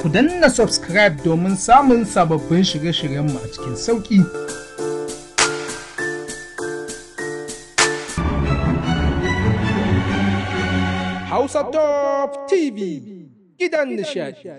ku danna subscribe domin samun sababbin shirye-shiryenmu a cikin sauƙi. Hausa Top TV gidan nishadi.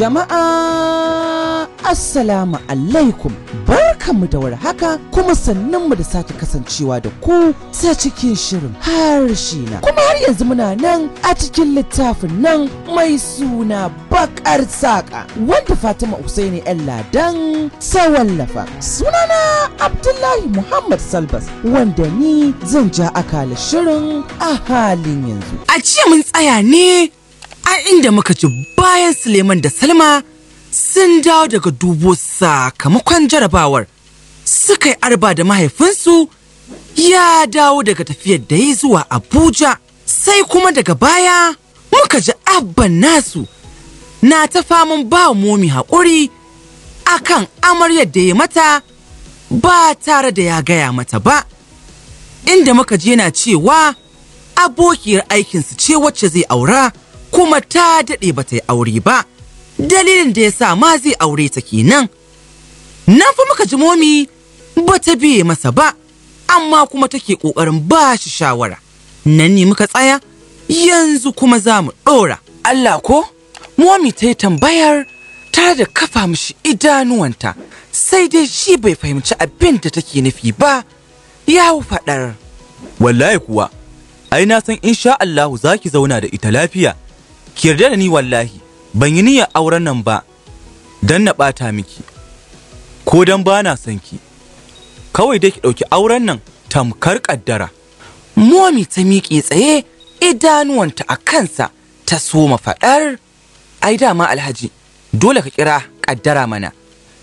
Jama'a Assalamu alaikum barkanmu da haka kuma mu da sake kasancewa da ku ta cikin shirin harshe na kuma har yanzu muna nan a cikin littafin nan mai suna bakar saƙa wanda Fatima Usaini yan ladan ta wallafa sunana Abdullahi Muhammad Salbas wanda ni zan ja akala shirin a halin yanzu. A jiya mun tsaya ne a inda muka ji bayan Suleiman da Salma sun dawo daga dubo sakamakon jarabawar suka yi arba da mahaifinsu ya dawo daga tafiyar da ya zuwa Abuja sai kuma daga baya muka ji abban nasu na ta faman ba momi haƙuri akan amaryar da ya mata ba tare da ya gaya mata ba inda muka ji yana cewa abokiyar aikinsu ce wacce zai aura kuma ta daɗe ba ta yi aure ba dalilin da ya sa ma zai aure ta kenan na fa muka ji momi ba ta biye masa ba amma kuma take ƙoƙarin ba shi shawara nan ne muka tsaya yanzu kuma za mu ɗora Allah ko momi ta yi tambayar tare da kafa mishi idanuwanta sai dai shi bai fahimci abin da take nufi ba ya faɗar wallahi kuwa ai na san insha Allahu zaki zauna da ita lafiya ki yarda da ni wallahi ban yi niyyar auren nan ba don na ɓata miki ko don ba na son ki kawai dai ki ɗauki auren nan tamkar ƙaddara momi ta miƙe tsaye idanuwanta a kansa ta soma faɗar ai dama alhaji dole ka kira ƙaddara mana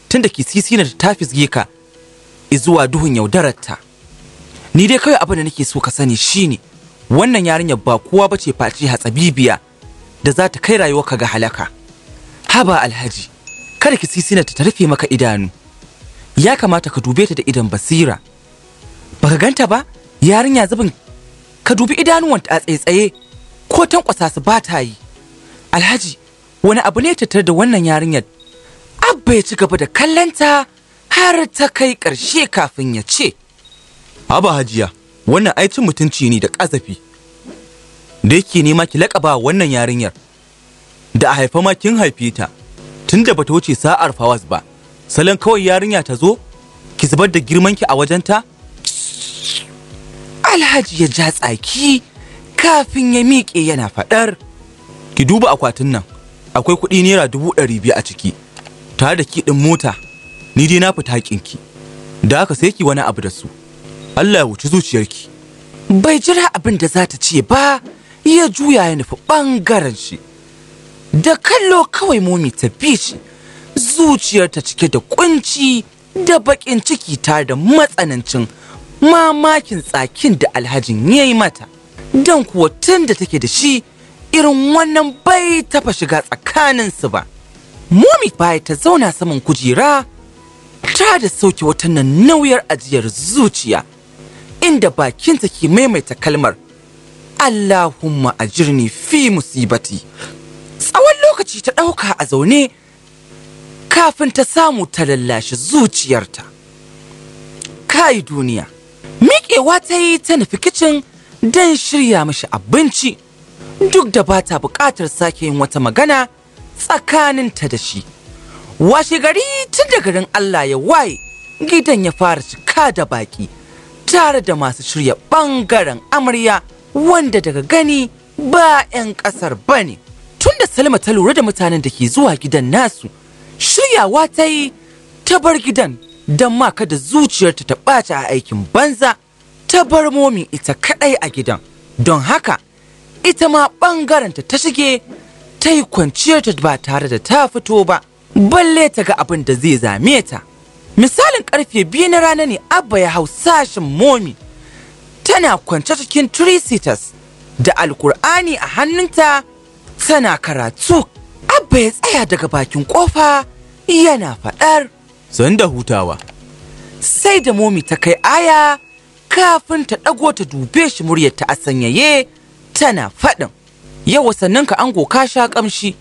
tunda ki sisina ta fisge ka zuwa duhun yaudararta ni dai kawai abin da nake so ka sani shine wannan yarinyar ba kowa ba bace face hatsabibiya da za ta kai rayuwarka ga halaka haba alhaji kada ki sisina ta rufe maka idanu ya kamata ka dube ta da idan basira Ba ka ganta ba yarinya zubin ka dubi idanuwanta a tsaye ko tankwasa su ba ta yi alhaji wani abu ne tattar da wannan yarinyar abba ya ci gaba da kallanta har ta kai ƙarshe kafin ya ce Haba hajiya wannan aicin mutunci ne da ƙazafi da yake nema ki laƙaba wannan yarinyar da a haifa ma kin haife ta tun da bata wuce sa'ar fawas ba salon kawai yarinya ta zo ki zubar da girmanki a wajen ta? alhaji ya ja tsaki kafin ya miƙe yana faɗar ki duba akwatin nan akwai kuɗi naira dubu ɗari biyu a ciki tare da ki ɗin mota ni dai na fita ki. da haka sai ki wani abu da su Allah ya wuci zuciyarki bai jira abin da za ta ce ba ya juya ya nufi ɓangaren shi da kallo kawai momi ta bi shi ta cike da kunci da baƙin ciki tare da matsanancin mamakin tsakin da alhajin ya yi mata don kuwa tun da take da shi irin wannan bai taɓa shiga tsakaninsu ba momi baya ta zauna saman kujera ta da sauke watannan nauyar ajiyar zuciya inda bakinta ke maimaita kalmar Allahumma ajirni fi musibati tsawon lokaci ta ɗauka a zaune kafin ta samu ta lallashi zuciyarta kai duniya miƙewa ta yi ta nufi kicin don shirya mashi abinci duk da ba ta buƙatar sake yin wata magana tsakaninta da shi washe gari tun da garin Allah ya waye gidan ya fara cika da baƙi tare da masu shirya ɓangaren amarya wanda daga gani ba 'yan ƙasar ba ne. da Salma ta lura da mutanen da ke zuwa gidan nasu, shiryawa ta yi ta bar gidan don ma kada zuciyarta ta ɓata a aikin banza, ta bar momi ita kaɗai a gidan. Don haka, ita ma ɓangarenta ta shige ta yi kwanciyarta ba tare da ta fito ba, balle ta ga abin da zai zame ta. Misalin ƙarfe biyu na rana ne Abba ya hau sashen momi. tana kwance cikin tricitas da alkur'ani a hannunta tana karatu abba ya tsaya daga bakin kofa yana faɗar da hutawa sai da momi ta kai aya kafin ta ɗago ta dube shi muryar ta a sanyaye tana faɗin yau ka ango ka sha ƙamshi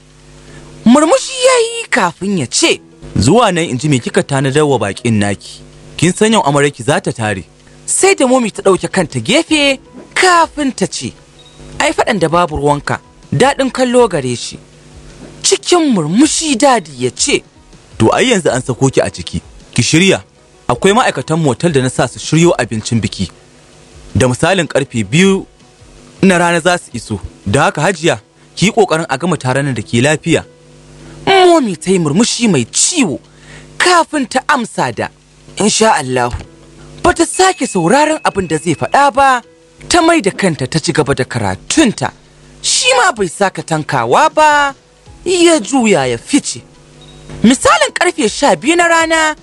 murmushi ya yi kafin ya ce zuwa nan in ji me kika tanadar wa bakin naki kin san yau amaryarki za ta tare sai da momi ta ɗauke kanta gefe kafin ta ce ai faɗan da babu ruwanka daɗin kallo gare shi cikin murmushi dadi ya ce to ai yanzu an sako ki a ciki ki shirya akwai ma'aikatan motal da na sa su shiryo abincin biki da misalin ƙarfe biyu na rana za su iso da haka hajiya ki ƙoƙarin a gama taron da ke lafiya momi ta yi murmushi mai ciwo kafin ta amsa da in sha Allahu Wata sake sauraron abin da zai faɗa ba ta mai da kanta ta ci gaba da karatunta shi ma bai saka tankawa ba ya juya ya fice misalin karfe sha biyu na rana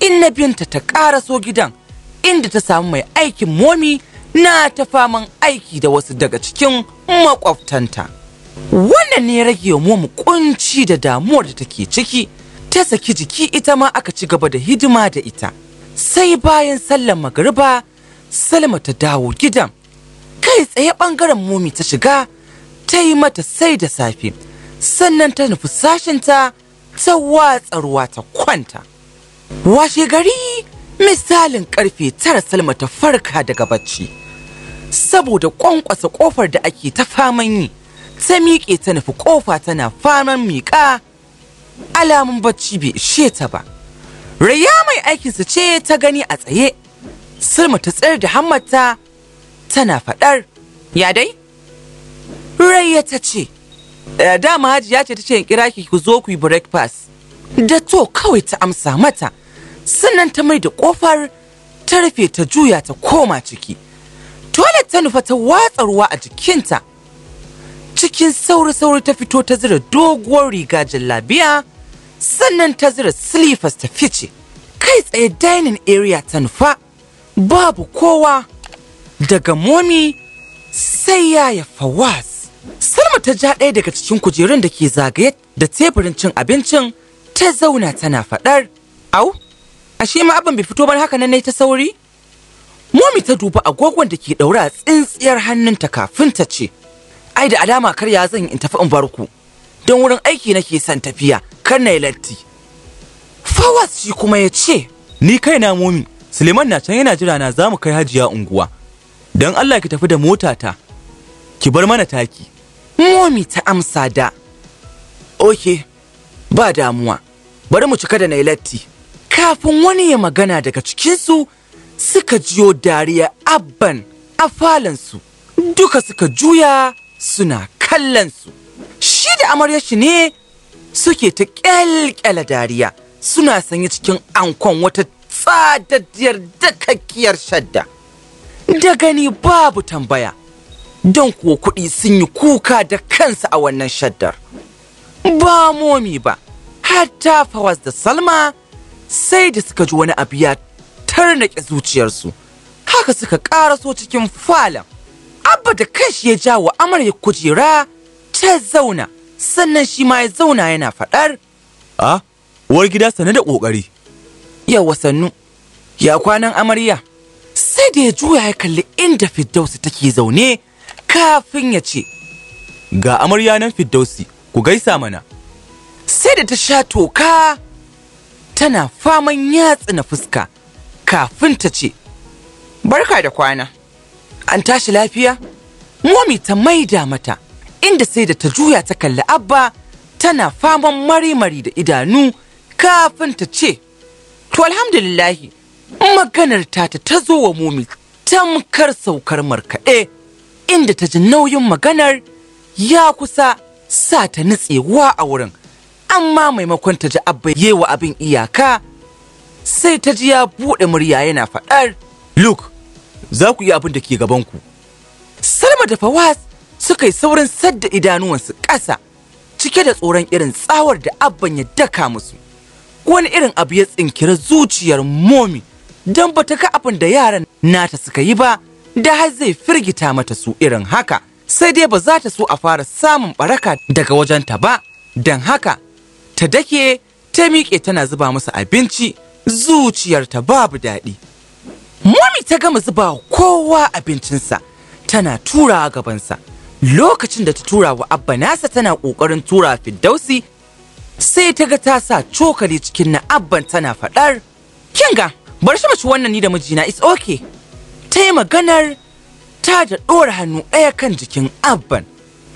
inna binta ta ƙara so gidan inda ta samu mai aikin momi na ta faman aiki da wasu daga cikin makwabtanta wannan ne rage wa momi kunci da damuwar da take ciki ta saki jiki ita ma aka ci gaba da hidima da ita sai bayan sallar magariba salma ta dawo gidan kai tsaye bangaren momi ta shiga ta yi mata sai da safe sannan ta nufi sashinta ta watsa ruwa ta kwanta washe gari misalin karfe tara salma ta farka daga bacci saboda kwankwasa kofar da ake ta faman yi ta miƙe ta nufi kofa tana faman miƙa alamun bacci bai ishe ta ba raya mai aikinsa ce ta gani a tsaye. Sulma ta tsayar da hammata tana faɗar. Ya dai? Raya ta ce, eh, dama hajiya ce ta ce in kira ki ku zo ku yi breakfast. Da to kawai ta amsa mata, sannan ta mai da ƙofar ta rufe ta juya ta koma ciki. Toilet ta nufa ta watsa ruwa a jikinta. Cikin sauri-sauri ta fito ta zira doguwar riga jallabiya sannan ta zira silifas ta fice kai tsaye dining area ta nufa babu kowa daga momi sai ya yi fawaz salma ta ja ɗaya daga cikin kujerun da ke zagaye da teburin cin abincin ta zauna tana faɗar au ashe ma abin bai fito ba haka nan ne ta sauri momi ta duba agogon da ke ɗaura a tsintsiyar hannunta kafin ta ce ai da alama karya zan in tafi in barku don wurin aiki nake son tafiya kar na latti fawas shi kuma ya ce ni kai na momi suleiman na can yana jira na za mu kai hajiya unguwa don allah ki tafi da motata ki bar mana taki momi ta amsa da oke ba damuwa bari mu cika da na latti kafin wani ya magana daga cikinsu suka jiyo dariya abban a falansu duka suka juya suna kallonsu. shi da shi ne suke ta kyalkyala dariya suna sanye cikin ankon wata tsadaddiyar dakakkiyar shadda da gani babu tambaya don kuwa kuɗi sun yi kuka da kansa a wannan shaddar ba momi ba hatta fawaz da salma sai da suka ji wani abu ya tarnake zuciyarsu haka suka ƙaraso cikin falon abba da kanshi ya jawo amarya kujera ta zauna sannan shi ma ya zauna yana faɗar. A, uwar gida sane da ƙoƙari. Yawa sannu, ya kwanan amarya, sai da ya juya ya kalli inda Fiddausi take zaune kafin ya ce. Ga amarya nan Fiddausi, ku gaisa mana. Sai da ta sha toka tana faman yatsi na fuska kafin ta ce, Barka da kwana, an tashi lafiya? Momi ta maida mata. inda sai da ta juya ta kalli abba tana faman marimari da idanu kafin ta ce to alhamdulillahi maganar tata ta zo wa momi tamkar saukar markaɗe inda ta ji nauyin maganar ya kusa sa ta nutsewa a wurin amma maimakon ta ji abba wa abin iyaka sai ta ji ya buɗe murya yana faɗar luke za ku yi abin da ke gabanku salma da fawas suka yi saurin sadda idanuwansu ƙasa cike da tsoron irin tsawar da abban ya daka musu wani irin abu ya tsinkira zuciyar momi don ba ta abin da yaran nata suka yi ba da har zai firgita mata su irin haka sai dai ba za ta so a fara samun baraka daga wajenta ba don haka ta dake ta miƙe tana zuba musu abinci zuciyarta babu daɗi momi ta gama zuba kowa abincinsa tana turawa gabansa lokacin da ta tura wa abba nasa tana ƙoƙarin tura fiddausi sai ta ga ta sa cokali cikin na abban tana faɗar kinga bar shi mace wannan ni da mijina it's okay ta yi maganar ta da ɗora hannu ɗaya kan jikin abban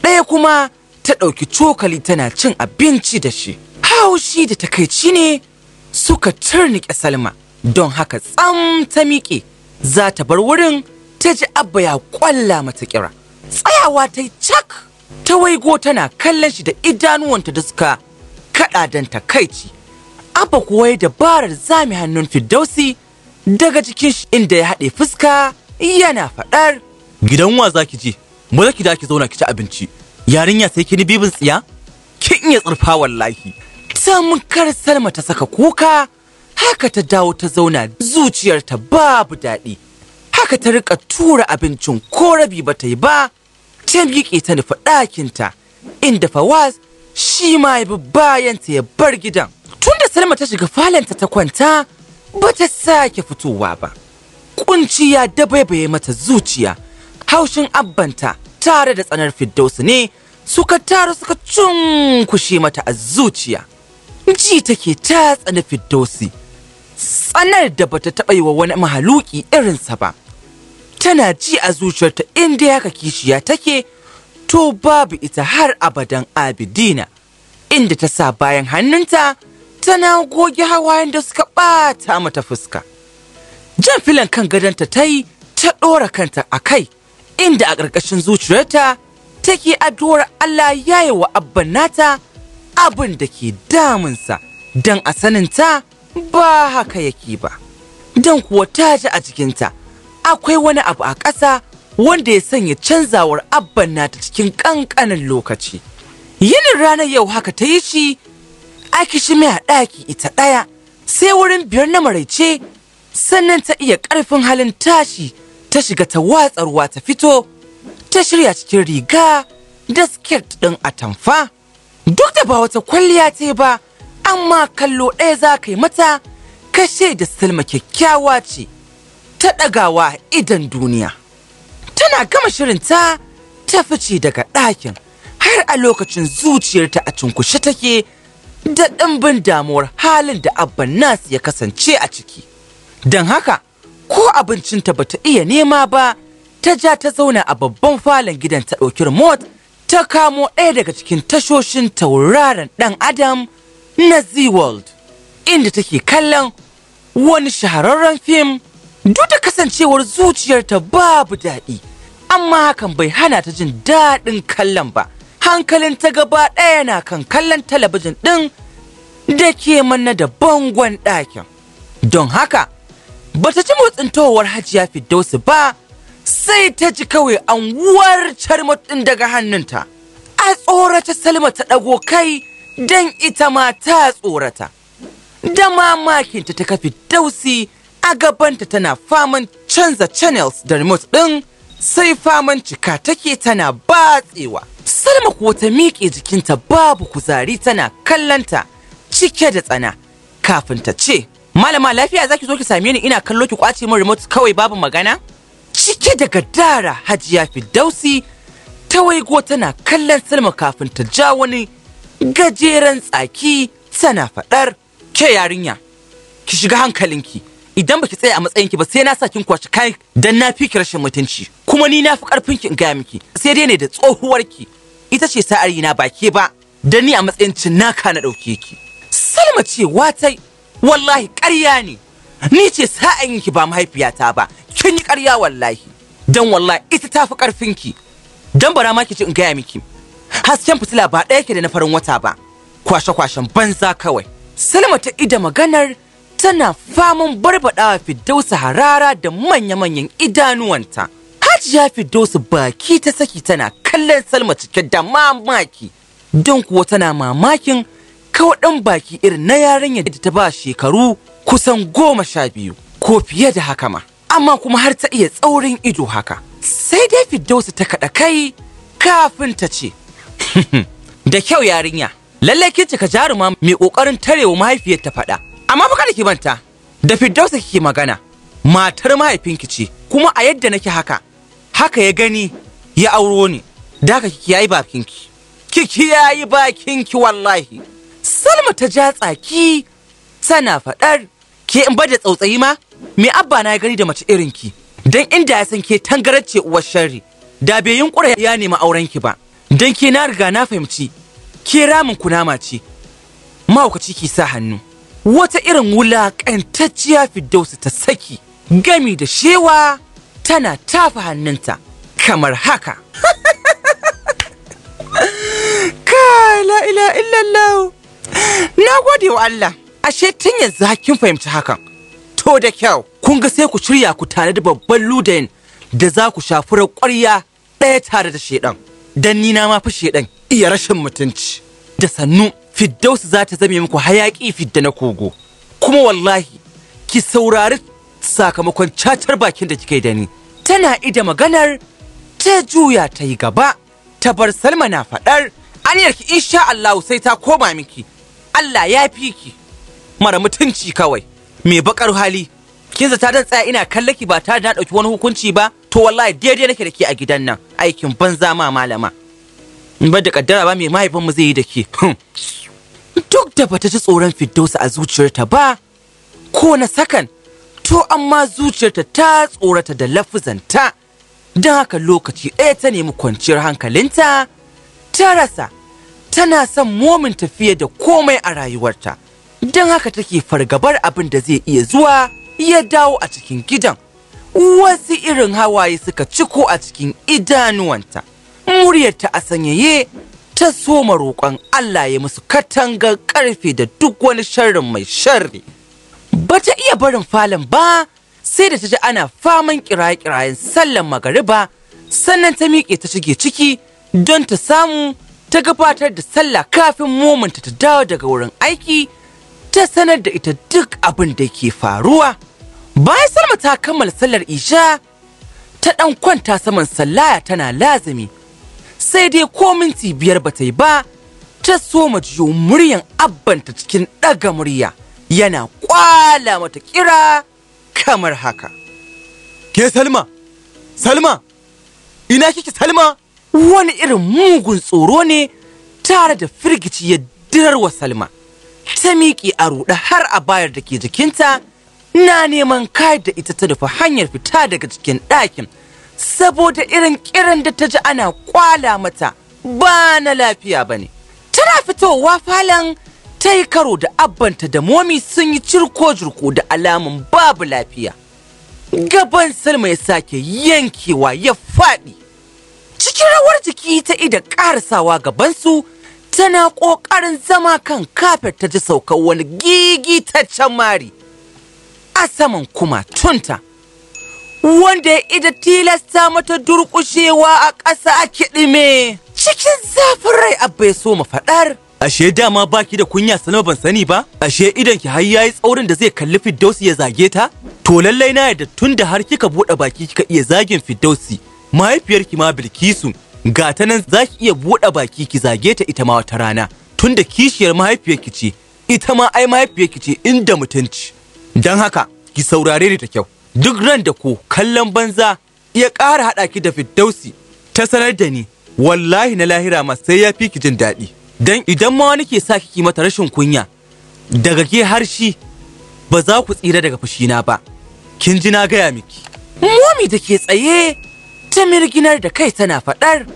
ɗaya kuma ta ɗauki cokali tana cin abinci da shi haushi da takaici ne suka turnike salma don haka tsam ta miƙe za ta bar wurin ta ji abba ya ƙwalla mata kira tsayawa ta yi cak ta waigo tana kallon shi da idanuwanta da suka kaɗa don takaici abba kuwa ya dabarar zami hannun firdausi daga jikin shi inda ya haɗe fuska yana faɗar gidan wa ki je mu zaki da ki zauna ki ci abinci yarinya sai kini bibin tsiya kin iya tsirfa wallahi tamkar salma ta saka kuka haka ta dawo ta zauna zuciyarta babu daɗi Haka ta rika tura abincin ko rabi ba ta yi ba, ta miƙe ta nufa ɗakinta, inda Fawaz shi ma ya bi ta ya bar gidan. Tunda Salma ta shiga falanta ta kwanta, ba ta sake fitowa ba. Kunci ya dabaibaye mata zuciya, haushin abbanta tare da tsanar Firdausu ne suka taru suka cunkushe mata a zuciya. Ji take ta tsanar Firdausi, tsanar da bata taɓa yi wa wani mahaluki irinsa ba. tana ji a zuciyarta inda yaka kishiya take to babu ita har abadan abidina inda ta sa bayan hannunta tana goge hawayen da suka ɓata mata fuska jan filan kan gadonta ta yi ta ɗora kanta a kai inda a ƙarƙashin zuciyarta take addu'ar Allah ya yi wa abban nata abin da ke damunsa don a saninta ba haka yake ba don kuwa ta ji a jikinta akwai wani abu a ƙasa wanda ya sanya canzawar abban nata cikin ƙanƙanin lokaci. Yinin ranar yau haka ta yi shi, a shi mai ɗaki ita ɗaya, sai wurin biyar na maraice, sannan ta iya ƙarfin halin tashi ta shiga ta watsarwa ta fito, ta shirya cikin riga da skirt ɗin atamfa. Duk da ba wata kwalliya ce ba, amma kallo ɗaya za ka yi mata, kashe da Salma kyakkyawa ce. ta ɗagawa idan duniya tana gama shirinta ta fice daga ɗakin har a lokacin zuciyarta a cunkushe take da ɗimbin damuwar halin da abban nasu ya kasance a ciki don haka ko abincinta ba ta iya nema ba ta ja ta zauna a babban falon gidan ta ɗauki remote ta kamo ɗaya daga cikin tashoshin tauraron ɗan adam na z-world inda take kallon wani shahararren fim duk da kasancewar zuciyarta babu daɗi amma hakan bai hana ta jin daɗin kallon ba hankalin ta gaba ɗaya na kan kallon talabijin ɗin da ke manna da bangon ɗakin don haka ba ta ji motsin towar hajiya Fiddausi ba sai ta ji kawai an warcar mutum daga hannunta a tsorata salma ta ɗago kai don ita ma ta tsorata da mamakinta ta kafi dausi a gabanta tana faman canza channels da remote ɗin sai faman cika take tana batsewa. Salma kuwa ta miƙe jikinta babu kuzari tana kallanta cike da tsana kafin ta ce, Malama lafiya zaki zo ki same ni ina kallo ki kwace min remote kawai babu magana? Cike da gadara hajiya Fidausi ta waigo tana kallon Salma kafin ta ja wani gajeren tsaki tana faɗar ke yarinya ki shiga hankalinki idan baki tsaya a matsayinki ba sai na sa kin kwashi kayan dan na fi rashin mutunci kuma ni na fi karfin ki in gaya miki sai dai ne da tsohuwarki ita ce sa'ari na baki ba dan ni a matsayin cinnaka na dauke ki salma ce watai wallahi ƙarya ne ni ce sa'an ki ba mahaifiyata ba kin yi ƙarya wallahi dan wallahi ita ta fi karfin ki dan bara ma ki ci in gaya miki hasken fitila ba ɗaya ke da na farin wata ba kwashe-kwashen banza kawai salma ta ida maganar tana faman barbaɗawa Firdausu harara da manya-manyan idanuwanta. Hajiya Firdausu baki ta saki tana kallon Salma cike da mamaki. Don kuwa tana mamakin kawaɗan baki irin na yarinya da ta ba shekaru kusan goma sha biyu ko fiye da haka ma. Amma kuma har ta iya tsaurin ido haka. Sai dai Firdausu ta kaɗa kai kafin ta ce. da kyau yarinya, lallai kin cika jaruma mai ƙoƙarin tarewa mahaifiyar ta faɗa. amma baka da ki manta da firdausa kike magana matar mahaifinki ce kuma a yadda nake haka haka ya gani ya auro ni da haka kiki yayi bakinki kiki yayi bakinki wallahi salma ta ja tsaki tana faɗar ke in bada tsautsayi ma me abba na ya gani da mace irin ki dan inda ya san ke tangaracce uwar sharri da bai yunkura ya nemi auren ki ba dan ke na riga na fahimci ke ramin kunama ce mahaukaci ki sa hannu wata irin wulaƙantacciya Firdausi ta saki gami da shewa tana tafa hannunta kamar haka. Ka ila illallah. Na gode wa Allah, ashe tun yanzu hakin fahimci hakan. To da kyau, kun ga sai ku shirya ku tare da babban ludayin da za ku shafi ƙwarya ɗaya tare da shaidan, Dan ni na ma fi iya rashin mutunci. Da sannu Fiddausu za ta zame muku hayaƙi fidda na kogo, kuma wallahi ki saurari sakamakon cacar bakin da kika yi da ni. Tana ida maganar ta juya ta yi gaba, ta bar Salma na faɗar, aniyarki insha Allahu sai ta koma miki, Allah ya fi ki. Mara mutunci kawai, mai baƙar hali, kin zata dan tsaya ina kalle ki ba tare da ɗauki wani hukunci ba, to wallahi daidai nake da ke a gidan nan, aikin banza ma malama. In bar da kaddara ba mai mahaifinmu zai yi da ke. duk da bata ji tsoron Firdausa a zuciyarta ba ko na sakan to amma zuciyarta ta tsorata da lafuzanta don haka lokaci ɗaya ta nemi kwanciyar hankalinta ta rasa tana son momin tafiya da komai a rayuwarta don haka take fargabar abin da zai iya zuwa ya dawo a cikin gidan wasu irin hawaye suka ciko a cikin idanuwanta muryarta a sanyaye ta soma roƙon Allah ya musu katangar ƙarfe da duk wani sharrin mai sharri. Ba ta iya barin falon ba sai da ta ji ana faman kiraye-kirayen sallan magariba sannan ta miƙe ta shige ciki don ta samu ta gabatar da sallah kafin mumunta ta dawo daga wurin aiki ta sanar da ita duk abin da ke faruwa. Bayan Salma ta kammala sallar isha ta ɗan kwanta saman sallaya tana lazimi. sai dai ko minti biyar ba ta yi ba ta so ma jiyo muryan abbanta cikin ɗaga murya yana kwala mata kira kamar haka ke salma salma ina kike salma wani irin mugun tsoro ne tare da firgici ya dirarwa salma ta miƙi a ruɗe har a bayar da ke jikinta na neman kayar da ita ta rufe hanyar fita daga cikin ɗakin saboda irin kiran da ta ji ana kwala mata ba na lafiya ba ne. Tana fitowa falon ta yi karo da abbanta da momi sun yi cirko-jirko da alamun babu lafiya. Gaban Salma ya sake yankewa ya faɗi. Cikin rawar jiki ta ida ƙarasawa gabansu tana ƙoƙarin zama kan kafet ta ji saukar wani gigitaccen mari. A saman kuma tunta. wanda ya ida tilasta mata durƙushewa a ƙasa a kiɗime. Cikin zafin rai abba ya so mu faɗar. Ashe dama baki da kunya sanar ban sani ba? Ashe idan ki har yayi tsaurin da zai kalli Fiddausi ya zage ta? To lallai na yadda tun da har kika buɗe baki kika iya zagin Fiddausi. Mahaifiyarki ma Bilkisu ga ta nan za ki iya buɗe baki ki zage ta ita ma wata rana. Tun da kishiyar mahaifiyarki ce, ita ma ai mahaifiyarki ce inda mutunci. Don haka, ki saurare ni ta kyau. duk ran da ku, kallon banza ya ƙara haɗa ki da Fiddausi, ta sanar da ni wallahi na lahira ma sai ya fi ki jin daɗi dan idan ma wani ke sa kiki mata rashin kunya daga ke har shi ba za ku tsira daga fushi na ba kin ji na gaya miki momi da ke tsaye ta mirginar da kai tana faɗar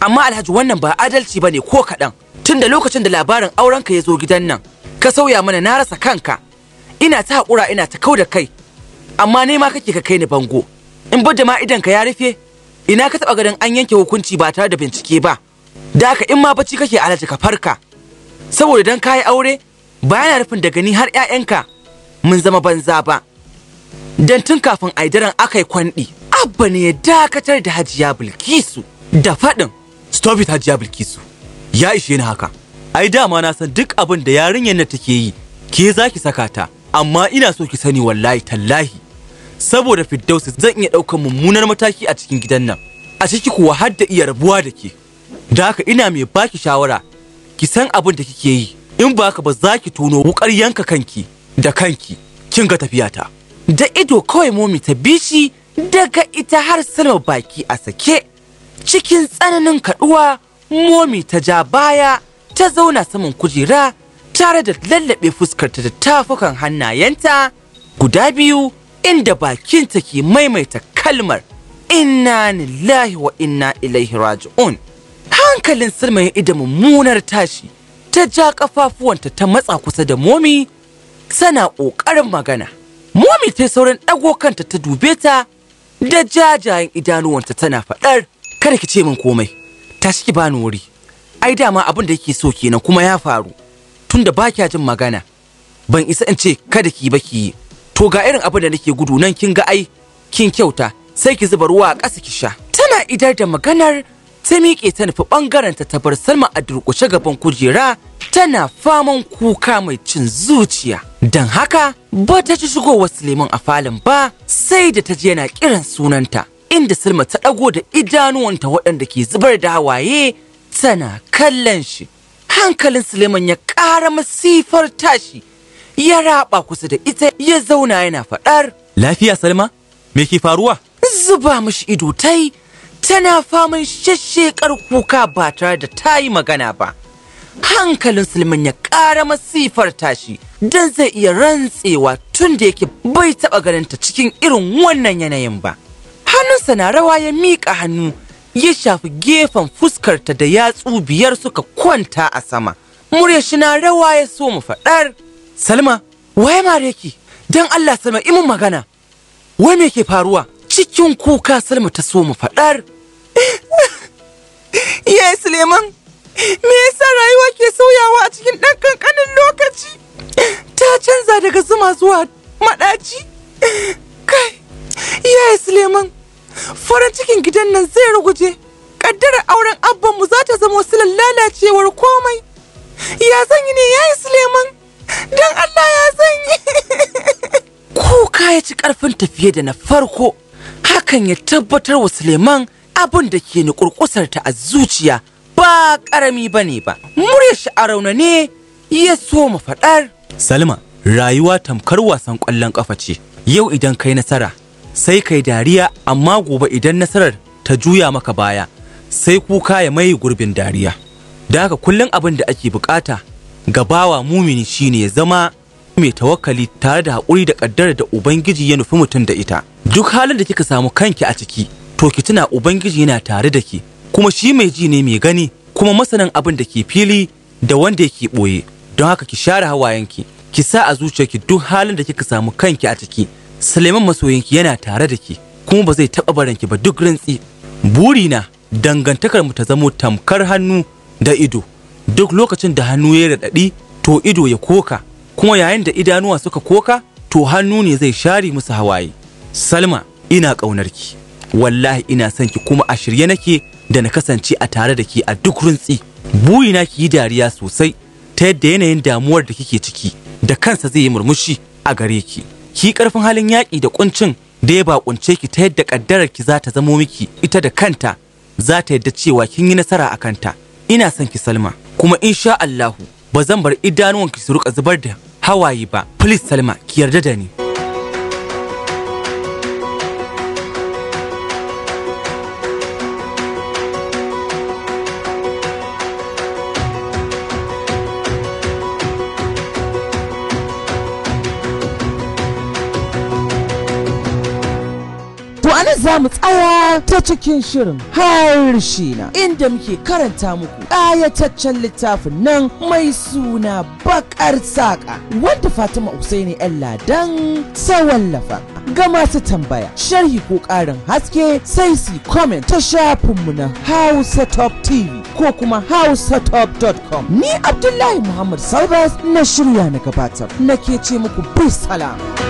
amma alhaji wannan ba adalci ba ne ko kaɗan tun da lokacin da labarin aurenka ya zo gidan nan ka sauya mana na rasa kanka ina ta haƙura ina ta kau da kai amma ne ma kake ka kai ni bango in bada ma idan ka ya rufe ina ka taba ganin an yanke hukunci ba tare da bincike ba da haka in ma bacci kake alaji ka farka saboda dan kayi aure ba yana rufin daga ni har ƴaƴanka mun zama banza ba dan tun kafin aidaran akai kwandi abba ne ya dakatar da hajiya bilkisu da faɗin stop it hajiya bilkisu ya ishe ni haka ai dama na san duk abin da yarinyar na take yi ke zaki saka ta amma ina so ki sani wallahi tallahi saboda firdausi zan iya ɗaukar mummunar mataki a cikin gidan nan a ciki kuwa har da iya rabuwa da ke da haka ina mai baki shawara ki san abin da kike yi in ba ka ba za ki tono wukar yanka kanki da kanki kin ga tafiyata da ido kawai momi ta bishi daga ita har sama baki a sake cikin tsananin kaduwa momi ta ja baya ta zauna saman kujera tare da lallaɓe fuskarta da tafukan hannayenta guda biyu inda bakinta ke maimaita kalmar inna lillahi wa inna ilaihi raji'un hankalin Salma ida mummunar tashi ta ja kafafuwanta ta matsa kusa da momi sana ƙoƙarin magana momi ta saurin ɗago kanta ta dube ta da jajayen idanuwanta tana faɗar kada ki ce min komai tashi ki bani wuri ai dama abin da yake so kenan kuma ya faru tunda ba kya jin magana ban isa in ce kada ki ba ki yi to ga irin abin da nake gudu nan kin ga ai kin kyauta sai ki zuba ruwa a ƙasa ki sha tana idar da maganar ta miƙe ta nufi ɓangaren ta bar Salma a durƙushe gaban kujera tana faman kuka mai cin zuciya. Don haka ba ta ci shigowar Suleiman a falin ba sai da ta ji yana kiran sunanta inda Salma ta ɗago da idanuwanta waɗanda ke zubar da hawaye tana kallon shi. Hankalin Suleiman ya ƙara masifar tashi ya raba kusa da ita ya zauna yana faɗar. Lafiya Salma, me ke faruwa? Zuba mishi ido tai, tana faman shashshekar kuka ba tare da ta yi magana ba. Hankalin Sulman ya ƙara masifar tashi, don zai iya rantsewa tun da yake bai taɓa ganin ta cikin irin wannan yanayin ba. Hannunsa na rawa ya miƙa hannu, ya shafi gefen fuskarta da yatsu biyar suka kwanta a sama. Murya na rawa ya so mu faɗar. Salma, waye mare ki? Dan Allah Salma imin magana. Wai me ke faruwa? Cikin kuka Salma ta so mu faɗar. Iya Suleiman, me yasa rayuwa ke sauyawa a cikin ɗan kankanin lokaci? Ta canza daga zuma zuwa maɗaci? Kai, iyaye Suleiman, farin cikin gidan nan zai ruguje. Ƙaddarar auren mu za ta zama wasu lalacewar komai. Ya zan yi ne yayi Suleiman? don Allah ya sanyi kuka ya ci karfin tafiye da na farko hakan ya tabbatar wa Suleiman abin da ke ni ta a zuciya ba karami bane ba murya shi a rauna ne ya so mu faɗar Salma rayuwa tamkar wasan ƙwallon ƙafa ce yau idan kai nasara sai kai dariya amma gobe idan nasarar ta juya maka baya sai kuka ya mai gurbin dariya da haka kullum abin da ake bukata gabawa mumini shine ya zama mai tawakkali tare da haƙuri da ƙaddarar da ubangiji ya nufi mutum da ita duk halin da kika samu kanki a ciki to ki tuna ubangiji yana tare da ki kuma shi mai ji ne mai gani kuma masanin abin da ke fili da wanda yake ɓoye don haka ki share hawayenki ki sa a zuciyarki duk halin da kika samu kanki a ciki Suleiman masoyinki yana tare da ki kuma ba zai taɓa baranki ba duk rantsi burina dangantakar mu ta zamo tamkar hannu da ido duk lokacin da hannu ya raɗaɗi to ido ya koka kuma yayin da idanuwa suka koka to hannu ne zai share musu hawaye salma ina ƙaunarki wallahi ina son ki kuma a shirye nake da na kasance a tare da ke a duk runtsi buyina ki yi dariya sosai ta yadda yanayin damuwar da kike ciki da kansa zai yi murmushi a gare ki ki karfin halin yaƙi da kuncin da ya bakunce ki ta yadda ƙaddarar ki za ta zamo miki ita da kanta za ta yadda cewa kin yi nasara a kanta ina son ki salma kuma insha Allahu ba zan bar idanuwanki su ruka zubar da hawaye ba please Salma ki yarda da ni mu tsaya ta cikin shirin harshe na inda muke karanta muku ƙayataccen littafin nan mai suna bakar saƙa wanda Fatima ne ‘yan ladan wallafa. Ga masu tambaya, sharhi ko ƙarin haske sai su comment ta shafinmu na Hausa Top TV ko kuma dot hausatop.com. Ni Abdullahi Muhammad salvas na shirya na gabatar, nake ce muku bisalam. salam.